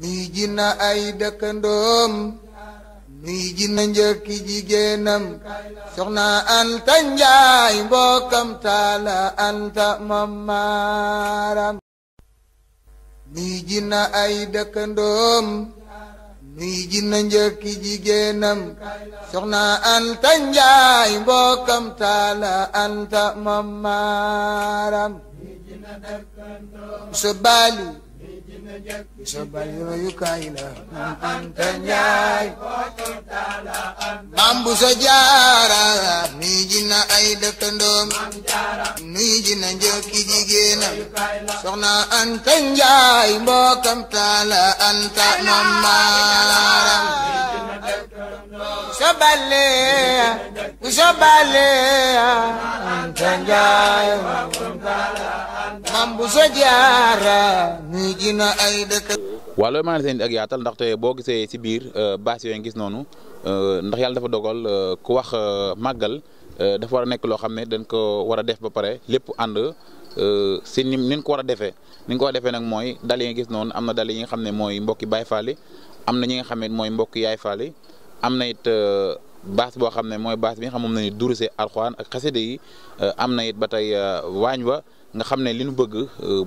nuy jina ay dëkkandoom nuy jina njëkki jigéenam soxna anta njaay mbokkam taala anta mamaaram nuy jina ay dëkkandoom nuy jina njëkki jigéenam soxna anta njaay mbokkam taala anta mamaaram su baali sabal yooyu kaay la sa jaara na ay dëkkandoom nuy ji na anta njaay mbokkam taala anta mamaaram sobalee bu sobalee Anta Njaay mam bu so jaara ñu jina ay dëkk waaw loolu maa ngi seen ak yaatal ndaxte boo gisee ci biir euh, baas yooyu gis noonu euh, ndax yàlla dafa dogal euh, ku wax màggal dafa war a nekk loo xam ne dañ ko war a def ba pare lépp ànd si ni ni ko war a defee ni nga ko war a defee nag mooy dal yi gis noonu am na dal yi nga xam ne mooy mbokki Baay Faal am na ñi nga xam mooy mbokki Yaay Faal am na it euh, baas boo xam ne mooy baas bi nga xam moom nañu duruse alxuraan ak xasida yi euh, am na it ba tey euh, waañ wa nga xam ne li nu bëgg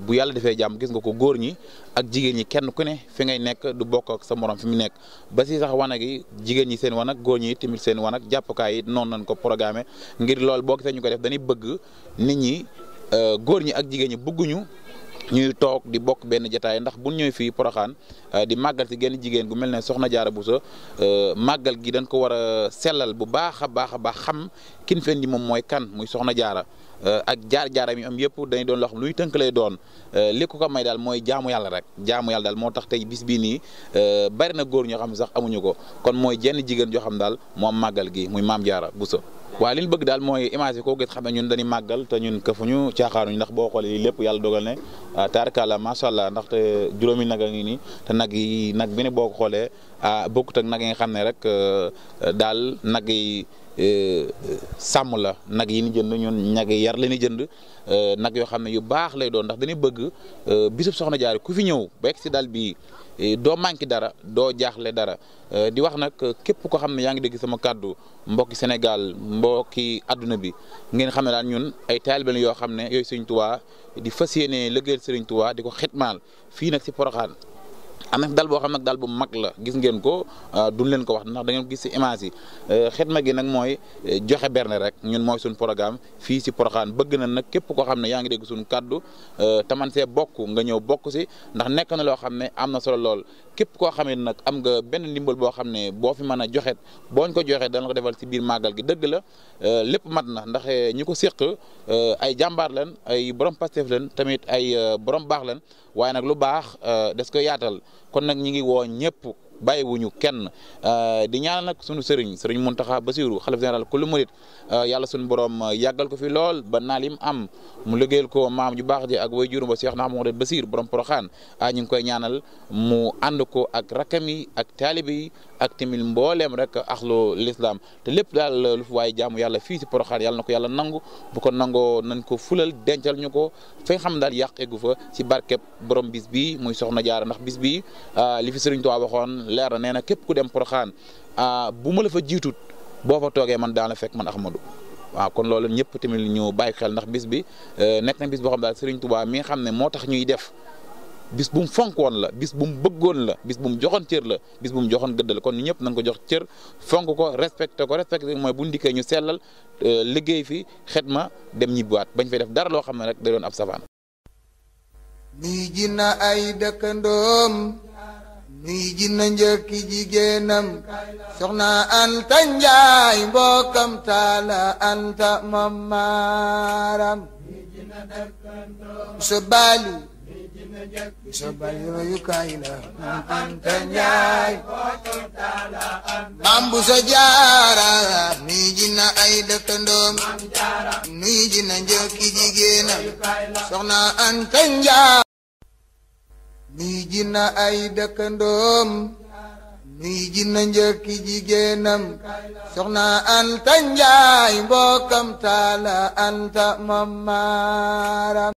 bu yàlla defee jàmm gis nga ko góor ñi ak jigéen ñi kenn ku ne fi ngay nekk du bokk ak sa morom fi mu nekk ba si sax wanag yi jigéen ñi seen wanag góor ñi tamit seen wanag jàppukaay yi noonu nañ ko programmé ngir loolu boo gisee ñu ko def dañuy bëgg nit ñi góor ñi ak jigéen ñi bëgguñu ñuy toog di bokk benn jataay ndax bu ñëwee fii Porokhane euh, di màggal si genn jigéen gu mel ne na Jaara Buso euh, màggal gi dañ ko war a sellal bu baax a baax a baax xam kin fen di moom mooy kan muy Soxna Jaara Euh, ak jaar-jaaram yi am yëpp dañu doon loo luy tënk lay doon euh, li ko may daal mooy jaamu yàlla rek jaamu yàlla daal moo tax tey bis bii nii euh, bari na góor ñoo xam sax amuñu ko kon mooy jenn jigéen joo xam daal moom màggal gi muy maam jaara Bousso waaw li ñu bëgg daal mooy image yi koo gis xam ne ñun dañuy màggal te ñun këfuñu caaxaanuñu ndax boo xoolee lépp yàlla dogal ne ah, taarkalla macha allah ndaxte juróomi nag a ngi nii te nag yi nag bi boo ko xoolee ah, bokkut ak nag yi nga xam ne rek daal nag yi sàmm la nag yi ñu jënd ñun ñag yar la ñuy jënd euh, nag yoo xam ne yu baax lay doon ndax dañuy bëgg euh, bisub soxna jaare ku fi ñëw ba egg si daal bii eh, doo manqué dara doo jaaxle dara euh, di wax nag képp ko xam ne yaa ngi dégg sama kàddu mbokki Sénégal mbokki àdduna bi ngeen xam ne daal ñun ay taalibe yoo xam ne yooyu Sëriñ Tuubaa di fas yéene liggéeyal Sëriñ Tuubaa di ko xitmaal fii nag si Porokhane am na boo xam nag dal bu mag la gis ngeen ko ah, duñ leen ko wax ndax da gis ci image yi eh, xetma gi nag mooy eh, joxe berne rek ñun mooy suñ programme fii ci Porokhane bëgg na nag képp koo xam ne yaa ngi dégg suñ kàddu eh, te man see bokk nga ñëw bokk ci ndax nekk na loo xam ne am na solo lool képp koo xam nag am nga benn ndimbal boo xam ne boo fi mën a joxe booñ ko joxee dana ko defal ci biir màggal gi dëgg la lépp mat na ndax ñu ko siq ay jàmbaar leen ay borom Pastef leen tamit ay borom baax leen waaye nag lu baax euh, des ko yaatal kon nag ñi ngi woo ñëpp bàyyiwuñu kenn euh, di ñaanal nag sunu sëriñ sëriñ Mountakha Bassirou xalif général kullu murid euh, yàlla sunu borom euh, yàggal ko fi lool ba naal yi mu am mu liggéeyal ko maam ju baax ji ak way jurum ba Cheikh Mouhamadou Bassir borom Poroxaan a ñu ngi koy ñaanal mu ànd ko ak rakam yi ak taalibe yi ak tamit mbooleem rek axlu lislaam te lépp daal lu fi waaye jaamu yàlla fii si Poroxaan yàlla na ko yàlla nangu bu ko nangoo nañ ko fulal dencal ñu ko fi xam daal yàq eggu si barkeb borom bis bii muy soxna jaara ndax bis bii li fi sëriñ Tuubaa waxoon leer na nee na képp ku dem Porokhane ah, bu ma la fa jiitut boo fa toogee man daan la fekk man Ahmadou waaw kon loolu ñëpp tamit ñu bàyyi xel ndax bis bi eh, nekk na bis boo xam daal Serigne Touba mi xam ne moo tax ñuy def bis bu mu fonkoon la bis bu mu bëggoon la bis bu mu joxoon cër la bis bu mu joxoon gëdd la kon ñëpp nañ ko jox cër fonk ko respecté ko respecté mooy bu ñu dikkee ñu sellal eh, liggéey fi xet ma dem ñibbiwaat bañ fa def dara loo xam ne rek da doon ab nuy jinna njëkki jigéenam soxna anta njaay mbokkam taala anta mamaaram sa baali baali yooyu kaay la anta njaay maam bu sa jaara nuy jinna ay dëkkandoom nuy jinna njëkki jigéenam soxna anta njaay nuy ji ay dëkkandoom nuy ji na njëkki jigéenam soxna Anta Njaay mbokkam taala Anta mamaram